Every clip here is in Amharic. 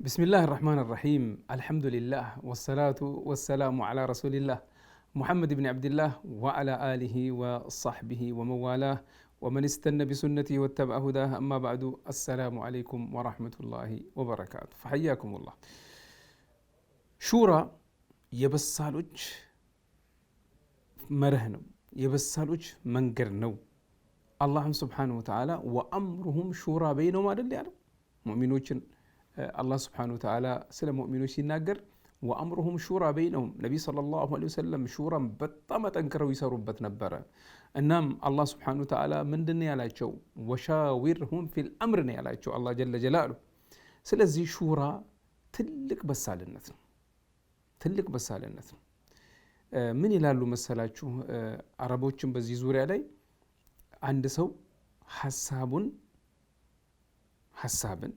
بسم الله الرحمن الرحيم الحمد لله والصلاة والسلام على رسول الله محمد بن عبد الله وعلى آله وصحبه ومن والاه ومن استنى بسنته واتبع هداه أما بعد السلام عليكم ورحمة الله وبركاته فحياكم الله شورى የበሳሎች መርህ ነው منقرنو اللهم سبحانه وتعالى وأمرهم ወተላ بينهم ሹራ በይነውም አደል ያለው አላህ ስብሓነ ወተዓላ ስለ ሙእሚኖች ሲናገር ወአምሩሁም ሹራ በይነሁም ነቢይ ሰለላሁ ዐለይሂ ወሰለም ሹራን በጣም አጠንክረው ይሰሩበት ነበረ። እናም አላህ ስብሓነ ወተዓላ ምንድን ያላቸው ወሻዊርሁም ፊል አምር ነው ያላቸው አላህ ጀለ ጀላሉ። ስለዚህ ሹራ ትልቅ በሳልነት ነው፣ ትልቅ በሳልነት ነው። ምን ይላሉ መሰላችሁ አረቦችን በዚህ ዙሪያ ላይ አንድ ሰው ሀሳቡን ሀሳብን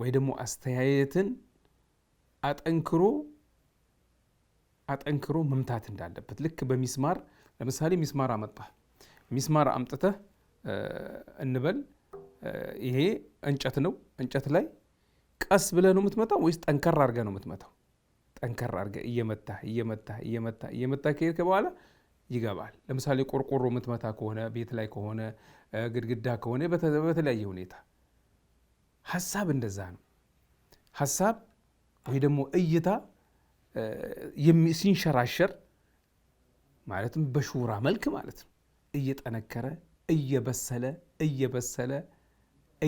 ወይ ደግሞ አስተያየትን አጠንክሮ አጠንክሮ መምታት እንዳለበት ልክ በሚስማር ለምሳሌ ሚስማር አመጣ ሚስማር አምጥተህ እንበል ይሄ እንጨት ነው። እንጨት ላይ ቀስ ብለህ ነው የምትመታው ወይስ ጠንከር አድርገህ ነው የምትመታው? ጠንከር አድርገህ እየመታህ እየመታህ እየመታህ እየመታህ ከሄድክ በኋላ ይገባል። ለምሳሌ ቆርቆሮ የምትመታ ከሆነ ቤት ላይ ከሆነ ግድግዳ ከሆነ በተለያየ ሁኔታ ሀሳብ እንደዛ ነው። ሀሳብ ወይ ደግሞ እይታ ሲንሸራሸር ማለትም በሹራ መልክ ማለት ነው እየጠነከረ እየበሰለ እየበሰለ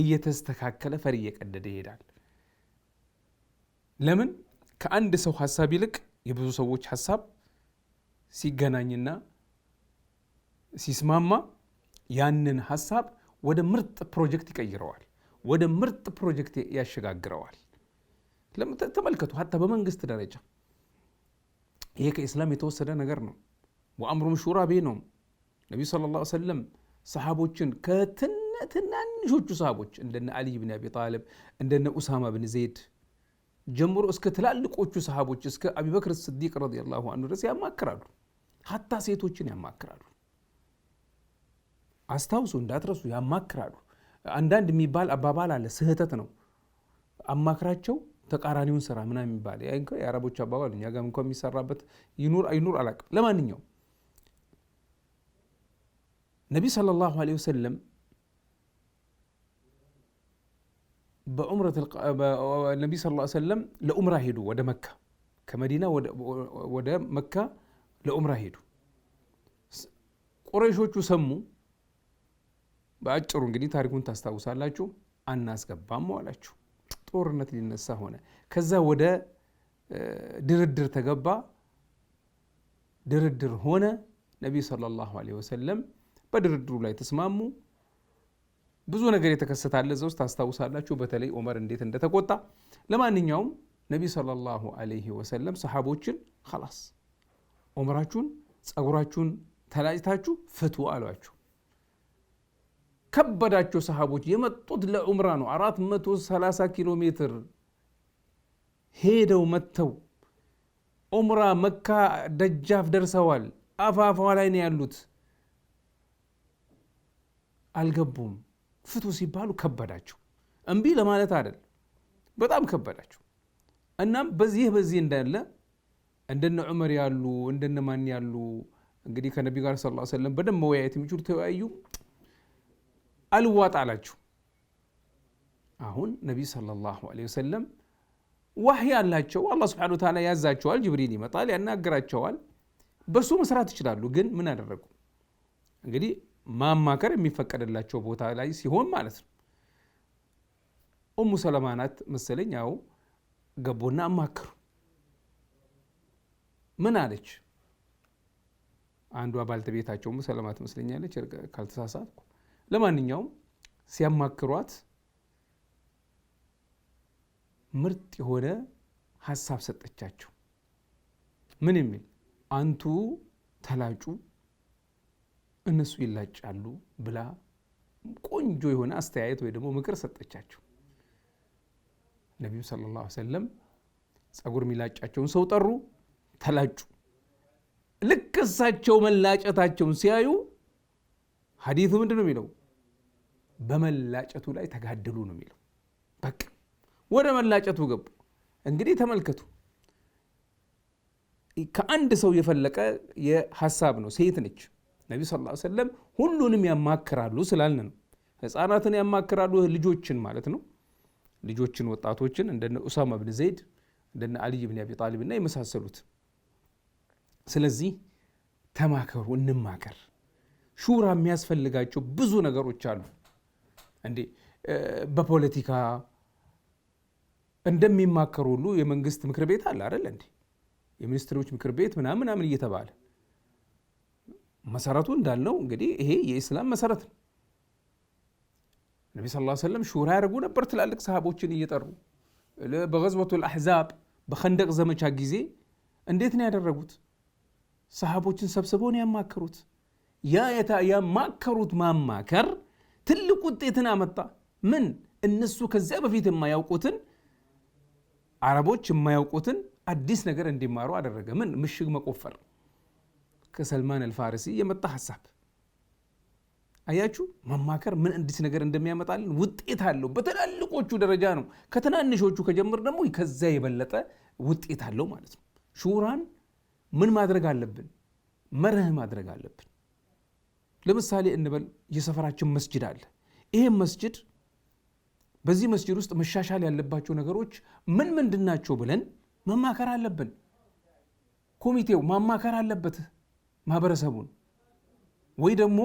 እየተስተካከለ ፈር እየቀደደ ይሄዳል። ለምን ከአንድ ሰው ሀሳብ ይልቅ የብዙ ሰዎች ሀሳብ ሲገናኝና ሲስማማ ያንን ሀሳብ ወደ ምርጥ ፕሮጀክት ይቀይረዋል። ወደ ምርጥ ፕሮጀክት ያሸጋግረዋል። ተመልከቱ፣ ሀታ በመንግስት ደረጃ ይሄ ከኢስላም የተወሰደ ነገር ነው። ወአምሩም ሹራ ነው። ነቢዩ ሰለላሁ ዐለይሂ ወሰለም ሰሃቦችን ከትናንሾቹ ሰሃቦች እንደነ አሊይ ብን አቢ ጣልብ እንደነ ኡሳማ ብን ዘይድ ጀምሮ እስከ ትላልቆቹ ሰሃቦች እስከ አቢበክር ስዲቅ ረዲየላሁ አንሁ ድረስ ያማክራሉ። ሀታ ሴቶችን ያማክራሉ። አስታውሱ፣ እንዳትረሱ፣ ያማክራሉ። አንዳንድ የሚባል አባባል አለ፣ ስህተት ነው። አማክራቸው ተቃራኒውን ስራ ምና የሚባል የአረቦች አባባል እኛ ጋር እንኳ የሚሰራበት ይኑር አይኑር አላውቅም። ለማንኛውም ነቢይ ሰለላሁ ዐለይሂ ወሰለም ነቢ ስ ሰለም ለኡምራ ሄዱ። ወደ መካ ከመዲና ወደ መካ ለኡምራ ሄዱ። ቁረይሾቹ ሰሙ። በአጭሩ እንግዲህ ታሪኩን ታስታውሳላችሁ። አናስገባም አላችሁ። ጦርነት ሊነሳ ሆነ። ከዛ ወደ ድርድር ተገባ። ድርድር ሆነ። ነቢዩ ሰለላሁ ዐለይሂ ወሰለም በድርድሩ ላይ ተስማሙ። ብዙ ነገር የተከሰታለ ዘውስ ታስታውሳላችሁ። በተለይ ዑመር እንዴት እንደተቆጣ። ለማንኛውም ነቢዩ ሰለላሁ ዐለይሂ ወሰለም ሰሓቦችን ኸላስ ዑምራችሁን ጸጉራችሁን ተላጭታችሁ ፍቱ አሏችሁ። ከበዳቸው ሰሃቦች የመጡት ለዑምራ ነው። 430 ኪሎ ሜትር ሄደው መጥተው ዑምራ መካ ደጃፍ ደርሰዋል። አፋፋ ላይ ነው ያሉት። አልገቡም። ፍቱ ሲባሉ ከበዳቸው። እምቢ ለማለት አይደል፣ በጣም ከበዳቸው። እናም በዚህ በዚህ እንዳለ እንደነ ዑመር ያሉ እንደነ ማን ያሉ እንግዲህ ከነቢ ጋር ስ ዐለይሂ በደንብ መወያየት የሚችሉ ተወያዩ። አልዋጥ አላችሁ። አሁን ነቢይ ሰለላሁ ዐለይሂ ወሰለም ዋህይ አላቸው። አላህ ስብሐነሁ ወተዓላ ያዛቸዋል። ጅብሪል ይመጣል፣ ያናግራቸዋል። በሱ መስራት ይችላሉ። ግን ምን አደረጉ? እንግዲህ ማማከር የሚፈቀደላቸው ቦታ ላይ ሲሆን ማለት ነው። ኡሙ ሰለማ ናት መሰለኝ። ያው ገቦና አማከሩ። ምን አለች? አንዷ ባልተቤታቸው ኡሙ ሰለማ ትመስለኛለች ካልተሳሳትኩ ለማንኛውም ሲያማክሯት ምርጥ የሆነ ሀሳብ ሰጠቻቸው። ምን የሚል አንቱ ተላጩ እነሱ ይላጫሉ ብላ ቆንጆ የሆነ አስተያየት ወይ ደግሞ ምክር ሰጠቻቸው። ነቢዩ ሰለላሁ ዐለይሂ ወሰለም ጸጉር የሚላጫቸውን ሰው ጠሩ፣ ተላጩ። ልክ እሳቸው መላጨታቸውን ሲያዩ ሀዲቱ ምንድን ነው የሚለው? በመላጨቱ ላይ ተጋደሉ ነው የሚለው። በቃ ወደ መላጨቱ ገቡ። እንግዲህ ተመልከቱ፣ ከአንድ ሰው የፈለቀ የሀሳብ ነው። ሴት ነች። ነቢ ስ ላ ሰለም ሁሉንም ያማክራሉ ስላልን ነው። ህፃናትን ያማክራሉ፣ ልጆችን ማለት ነው። ልጆችን፣ ወጣቶችን እንደነ ኡሳማ ብን ዘይድ እንደነ አልይ ብን አቢ ጣሊብ እና የመሳሰሉት። ስለዚህ ተማከሩ፣ እንማከር። ሹራ የሚያስፈልጋቸው ብዙ ነገሮች አሉ። እንዴ በፖለቲካ እንደሚማከሩ ሁሉ የመንግስት ምክር ቤት አለ አይደል እንዴ? የሚኒስትሮች ምክር ቤት ምናምን ምናምን እየተባለ መሰረቱ እንዳልነው እንግዲህ ይሄ የኢስላም መሰረት ነው። ነቢ ስ ሰለም ሹራ ያደርጉ ነበር። ትላልቅ ሰሃቦችን እየጠሩ በገዝወቱል ልአሕዛብ በኸንደቅ ዘመቻ ጊዜ እንዴት ነው ያደረጉት? ሰሃቦችን ሰብስበውን ያማከሩት። ያ ያማከሩት ማማከር ትልቅ ውጤትን አመጣ። ምን እነሱ ከዚያ በፊት የማያውቁትን አረቦች የማያውቁትን አዲስ ነገር እንዲማሩ አደረገ። ምን ምሽግ መቆፈር ከሰልማን አልፋርሲ የመጣ ሀሳብ አያችሁ። መማከር ምን አዲስ ነገር እንደሚያመጣልን ውጤት አለው። በትላልቆቹ ደረጃ ነው። ከትናንሾቹ ከጀምር ደግሞ ከዛ የበለጠ ውጤት አለው ማለት ነው። ሹራን ምን ማድረግ አለብን? መርህ ማድረግ አለብን። ለምሳሌ እንበል የሰፈራችን መስጅድ አለ። ይሄ መስጅድ በዚህ መስጅድ ውስጥ መሻሻል ያለባቸው ነገሮች ምን ምንድን ናቸው ብለን መማከር አለብን። ኮሚቴው ማማከር አለበት ማህበረሰቡን፣ ወይ ደግሞ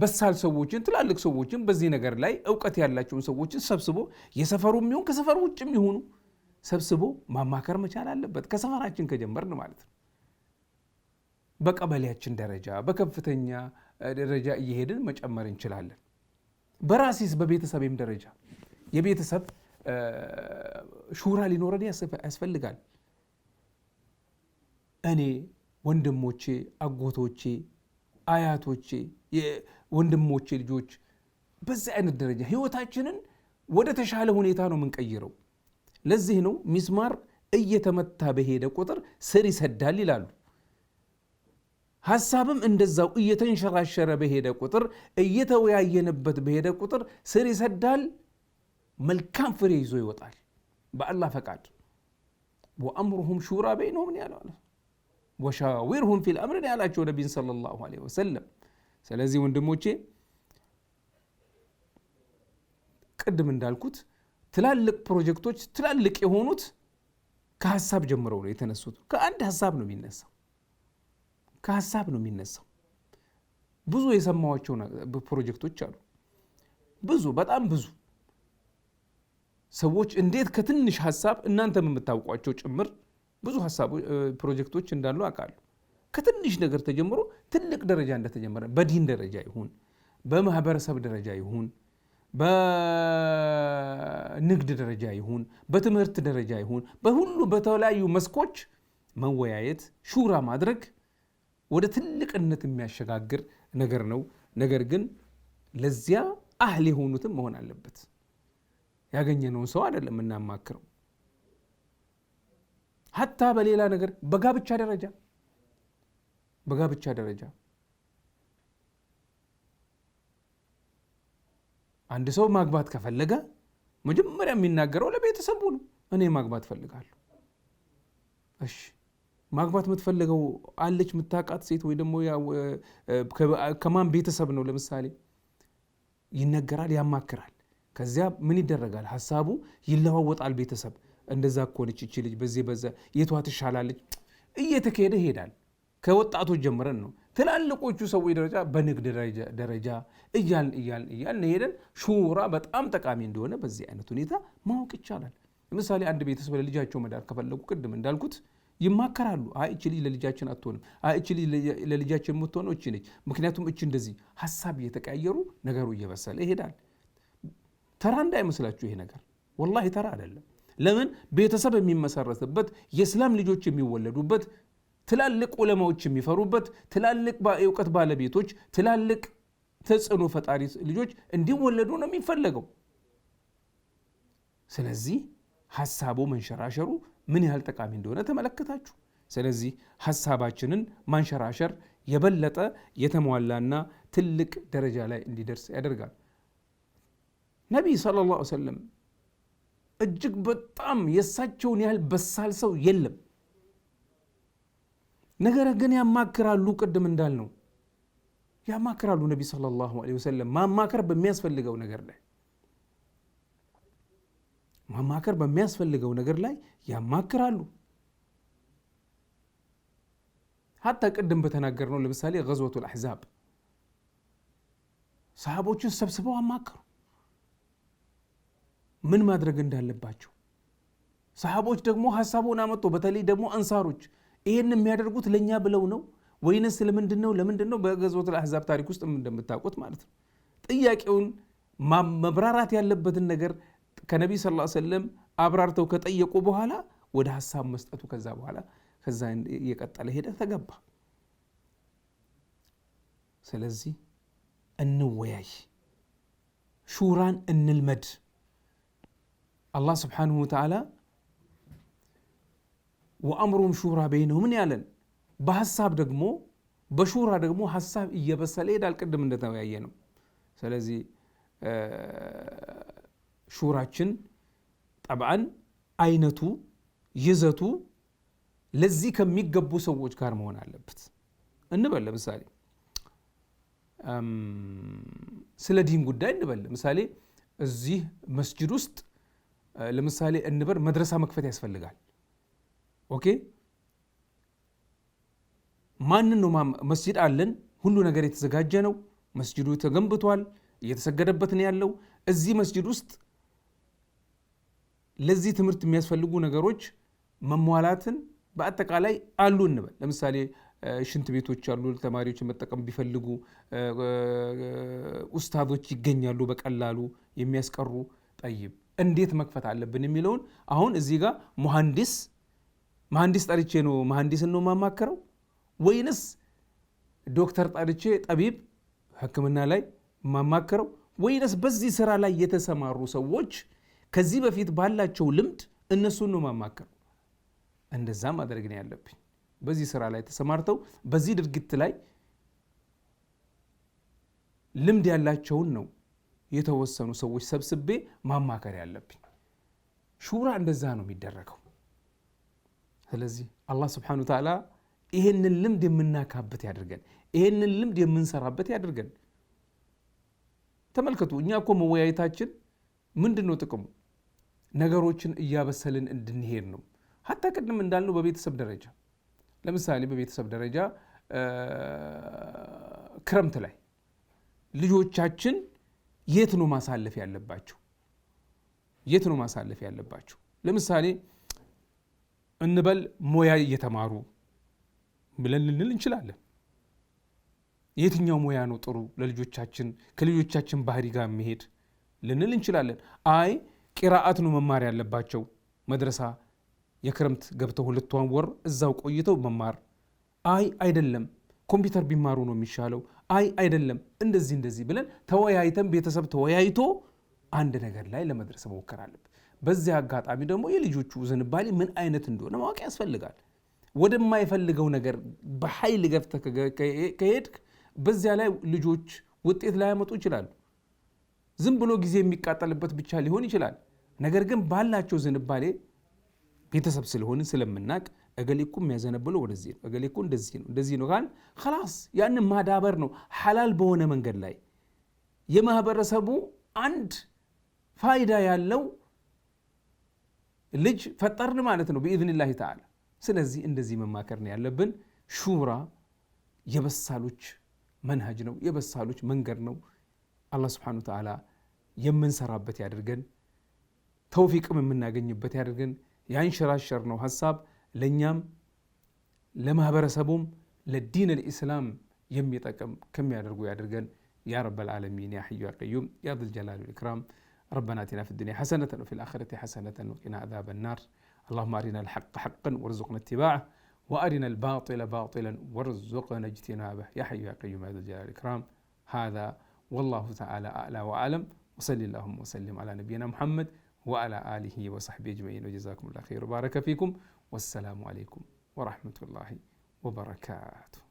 በሳል ሰዎችን ትላልቅ ሰዎችን በዚህ ነገር ላይ እውቀት ያላቸውን ሰዎችን ሰብስቦ የሰፈሩ የሚሆን ከሰፈር ውጭ የሚሆኑ ሰብስቦ ማማከር መቻል አለበት። ከሰፈራችን ከጀመርን ማለት ነው። በቀበሌያችን ደረጃ በከፍተኛ ደረጃ እየሄድን መጨመር እንችላለን። በራሴስ በቤተሰብም ደረጃ የቤተሰብ ሹራ ሊኖረን ያስፈልጋል። እኔ ወንድሞቼ፣ አጎቶቼ፣ አያቶቼ፣ ወንድሞቼ ልጆች በዚህ አይነት ደረጃ ህይወታችንን ወደ ተሻለ ሁኔታ ነው የምንቀይረው። ለዚህ ነው ሚስማር እየተመታ በሄደ ቁጥር ስር ይሰዳል ይላሉ። ሀሳብም እንደዛው እየተንሸራሸረ በሄደ ቁጥር እየተወያየንበት በሄደ ቁጥር ስር ይሰዳል፣ መልካም ፍሬ ይዞ ይወጣል በአላህ ፈቃድ። ወአምሩሁም ሹራ በይነሁም ያለው ወሻዊርሁም ፊል አምር ያላቸው ነቢይን ሰለላሁ ዐለይሂ ወሰለም። ስለዚህ ወንድሞቼ ቅድም እንዳልኩት ትላልቅ ፕሮጀክቶች ትላልቅ የሆኑት ከሀሳብ ጀምረው ነው የተነሱት። ከአንድ ሀሳብ ነው የሚነሳው። ከሀሳብ ነው የሚነሳው። ብዙ የሰማኋቸው ፕሮጀክቶች አሉ። ብዙ በጣም ብዙ ሰዎች እንዴት ከትንሽ ሀሳብ እናንተም የምታውቋቸው ጭምር ብዙ ፕሮጀክቶች እንዳሉ አውቃለሁ። ከትንሽ ነገር ተጀምሮ ትልቅ ደረጃ እንደተጀመረ በዲን ደረጃ ይሁን በማህበረሰብ ደረጃ ይሁን በንግድ ደረጃ ይሁን በትምህርት ደረጃ ይሁን በሁሉ በተለያዩ መስኮች መወያየት፣ ሹራ ማድረግ ወደ ትልቅነት የሚያሸጋግር ነገር ነው። ነገር ግን ለዚያ አህል የሆኑትም መሆን አለበት። ያገኘነውን ሰው አይደለም እናማክረው። ሀታ በሌላ ነገር በጋብቻ ደረጃ በጋብቻ ደረጃ አንድ ሰው ማግባት ከፈለገ መጀመሪያ የሚናገረው ለቤተሰቡ ነው። እኔ ማግባት እፈልጋለሁ። እሺ ማግባት የምትፈልገው አለች የምታውቃት ሴት ወይ ደግሞ ከማን ቤተሰብ ነው ለምሳሌ ይነገራል፣ ያማክራል። ከዚያ ምን ይደረጋል? ሀሳቡ ይለዋወጣል። ቤተሰብ እንደዛ ከሆነች እቺ ልጅ በዚህ በዛ የቷ ትሻላለች እየተካሄደ ይሄዳል። ከወጣቶች ጀምረን ነው ትላልቆቹ ሰዎች ደረጃ በንግድ ደረጃ እያልን እያልን እያልን ሄደን ሹራ በጣም ጠቃሚ እንደሆነ በዚህ አይነት ሁኔታ ማወቅ ይቻላል። ለምሳሌ አንድ ቤተሰብ ለልጃቸው መዳር ከፈለጉ ቅድም እንዳልኩት ይማከራሉ። አይ እች ልጅ ለልጃችን አትሆንም፣ አይ እች ልጅ ለልጃችን የምትሆነው እች ነች፣ ምክንያቱም እች እንደዚህ ሀሳብ እየተቀያየሩ ነገሩ እየበሰለ ይሄዳል። ተራ እንዳይመስላችሁ ይሄ ነገር ወላሂ ተራ አይደለም። ለምን ቤተሰብ የሚመሰረትበት የእስላም ልጆች የሚወለዱበት ትላልቅ ዑለማዎች የሚፈሩበት ትላልቅ የእውቀት ባለቤቶች ትላልቅ ተጽዕኖ ፈጣሪ ልጆች እንዲወለዱ ነው የሚፈለገው። ስለዚህ ሀሳቡ መንሸራሸሩ ምን ያህል ጠቃሚ እንደሆነ ተመለከታችሁ። ስለዚህ ሀሳባችንን ማንሸራሸር የበለጠ የተሟላና ትልቅ ደረጃ ላይ እንዲደርስ ያደርጋል። ነቢይ ሰለላሁ ዐለይሂ ወሰለም እጅግ በጣም የእሳቸውን ያህል በሳል ሰው የለም። ነገር ግን ያማክራሉ። ቅድም እንዳልነው ያማክራሉ። ነቢይ ሰለላሁ ዐለይሂ ወሰለም ማማከር በሚያስፈልገው ነገር ላይ ማማከር በሚያስፈልገው ነገር ላይ ያማክራሉ። ሀታ ቅድም በተናገር ነው ለምሳሌ ገዝወቱል አሕዛብ ሰሃቦችን ሰብስበው አማከሩ። ምን ማድረግ እንዳለባቸው ሰሃቦች ደግሞ ሀሳቡን አመጡ። በተለይ ደግሞ አንሳሮች ይህን የሚያደርጉት ለእኛ ብለው ነው ወይንስ ለምንድን ነው? ለምንድን ነው? ታሪክ ውስጥ እንደምታውቁት ማለት ነው ጥያቄውን መብራራት ያለበትን ነገር ከነቢይ ሰለላሁ ዐለይሂ አብራርተው ከጠየቁ በኋላ ወደ ሀሳብ መስጠቱ ከዛ በኋላ ከዛ እየቀጠለ ሄደ ተገባ። ስለዚህ እንወያይ፣ ሹራን እንልመድ። አላህ ስብሓንሁ ወተዓላ ወአምሩም ሹራ በይነሁም ምን ያለን በሀሳብ ደግሞ በሹራ ደግሞ ሀሳብ እየበሰለ ይሄዳል። ቅድም እንደተወያየ ነው። ስለዚህ ሹራችን ጠብአን አይነቱ ይዘቱ ለዚህ ከሚገቡ ሰዎች ጋር መሆን አለበት እንበል። ለምሳሌ ስለ ዲን ጉዳይ እንበል። ለምሳሌ እዚህ መስጅድ ውስጥ ለምሳሌ እንበር መድረሳ መክፈት ያስፈልጋል። ኦኬ፣ ማንን ነው መስጅድ አለን፣ ሁሉ ነገር የተዘጋጀ ነው፣ መስጅዱ ተገንብቷል፣ እየተሰገደበት ነው ያለው። እዚህ መስጅድ ውስጥ ለዚህ ትምህርት የሚያስፈልጉ ነገሮች መሟላትን በአጠቃላይ አሉ እንበል። ለምሳሌ ሽንት ቤቶች አሉ፣ ተማሪዎች መጠቀም ቢፈልጉ ኡስታዞች ይገኛሉ፣ በቀላሉ የሚያስቀሩ ጠይብ፣ እንዴት መክፈት አለብን የሚለውን አሁን እዚህ ጋር መሐንዲስ መሐንዲስ ጠርቼ ነው መሐንዲስን ነው የማማክረው ወይንስ ዶክተር ጠርቼ ጠቢብ ሕክምና ላይ የማማክረው ወይንስ በዚህ ስራ ላይ የተሰማሩ ሰዎች ከዚህ በፊት ባላቸው ልምድ እነሱን ነው ማማከር። እንደዛ ማድረግ ነው ያለብኝ። በዚህ ስራ ላይ ተሰማርተው በዚህ ድርጊት ላይ ልምድ ያላቸውን ነው የተወሰኑ ሰዎች ሰብስቤ ማማከር ያለብኝ። ሹራ እንደዛ ነው የሚደረገው። ስለዚህ አላህ ስብሓነሁ ወተዓላ ይሄንን ልምድ የምናካበት ያድርገን። ይሄንን ልምድ የምንሰራበት ያድርገን። ተመልከቱ፣ እኛ እኮ መወያየታችን ምንድን ነው ጥቅሙ? ነገሮችን እያበሰልን እንድንሄድ ነው። ሀታ ቅድም እንዳልነው በቤተሰብ ደረጃ ለምሳሌ በቤተሰብ ደረጃ ክረምት ላይ ልጆቻችን የት ነው ማሳለፍ ያለባቸው? የት ነው ማሳለፍ ያለባቸው? ለምሳሌ እንበል ሙያ እየተማሩ ብለን ልንል እንችላለን። የትኛው ሙያ ነው ጥሩ ለልጆቻችን ከልጆቻችን ባህሪ ጋር መሄድ ልንል እንችላለን። አይ ቂራአት ነው መማር ያለባቸው። መድረሳ የክረምት ገብተው ሁለቷን ወር እዛው ቆይተው መማር አይ አይደለም ኮምፒውተር ቢማሩ ነው የሚሻለው፣ አይ አይደለም እንደዚህ እንደዚህ ብለን ተወያይተን ቤተሰብ ተወያይቶ አንድ ነገር ላይ ለመድረስ መሞከር አለብን። በዚህ አጋጣሚ ደግሞ የልጆቹ ዝንባሌ ምን አይነት እንደሆነ ማወቅ ያስፈልጋል። ወደማይፈልገው ነገር በኃይል ገፍተህ ከሄድክ በዚያ ላይ ልጆች ውጤት ላያመጡ ይችላሉ። ዝም ብሎ ጊዜ የሚቃጠልበት ብቻ ሊሆን ይችላል። ነገር ግን ባላቸው ዝንባሌ ቤተሰብ ስለሆንን ስለምናቅ እገሌኩ እኮ የሚያዘነብለው ወደዚህ ነው፣ እገሌኩ እንደዚህ ነው፣ እንደዚህ ነው ካል ኸላስ ያንን ማዳበር ነው። ሐላል በሆነ መንገድ ላይ የማህበረሰቡ አንድ ፋይዳ ያለው ልጅ ፈጠርን ማለት ነው ብኢዝኒላህ ተዓላ። ስለዚህ እንደዚህ መማከር ነው ያለብን። ሹራ የበሳሎች መንሃጅ ነው፣ የበሳሎች መንገድ ነው። الله سبحانه وتعالى يمن አላህ ስብሓን ተዓላ የምንሰራበት ያድርገን፣ ተውፊቅም የምናገኝበት ያድርገን። ያንሸራሸር ነው ሀሳብ ለእኛም ለማህበረሰቡም ለዲን ልኢስላም የሚጠቅም ከሚያደርጉ ያድርገን። يا رب العالمين يا حي يا قيوم يا ذا الجلال والإكرام ربنا آتنا في الدنيا حسنة وفي الآخرة حسنة وقنا عذاب النار اللهم أرنا الحق حقا وارزقنا اتباعه وأرنا الباطل باطلا وارزقنا اجتنابه يا حي يا قيوم يا ذا الجلال والإكرام هذا والله تعالى أعلى وأعلم وصل اللهم وسلم على نبينا محمد وعلى آله وصحبه أجمعين وجزاكم الله خير وبارك فيكم والسلام عليكم ورحمة الله وبركاته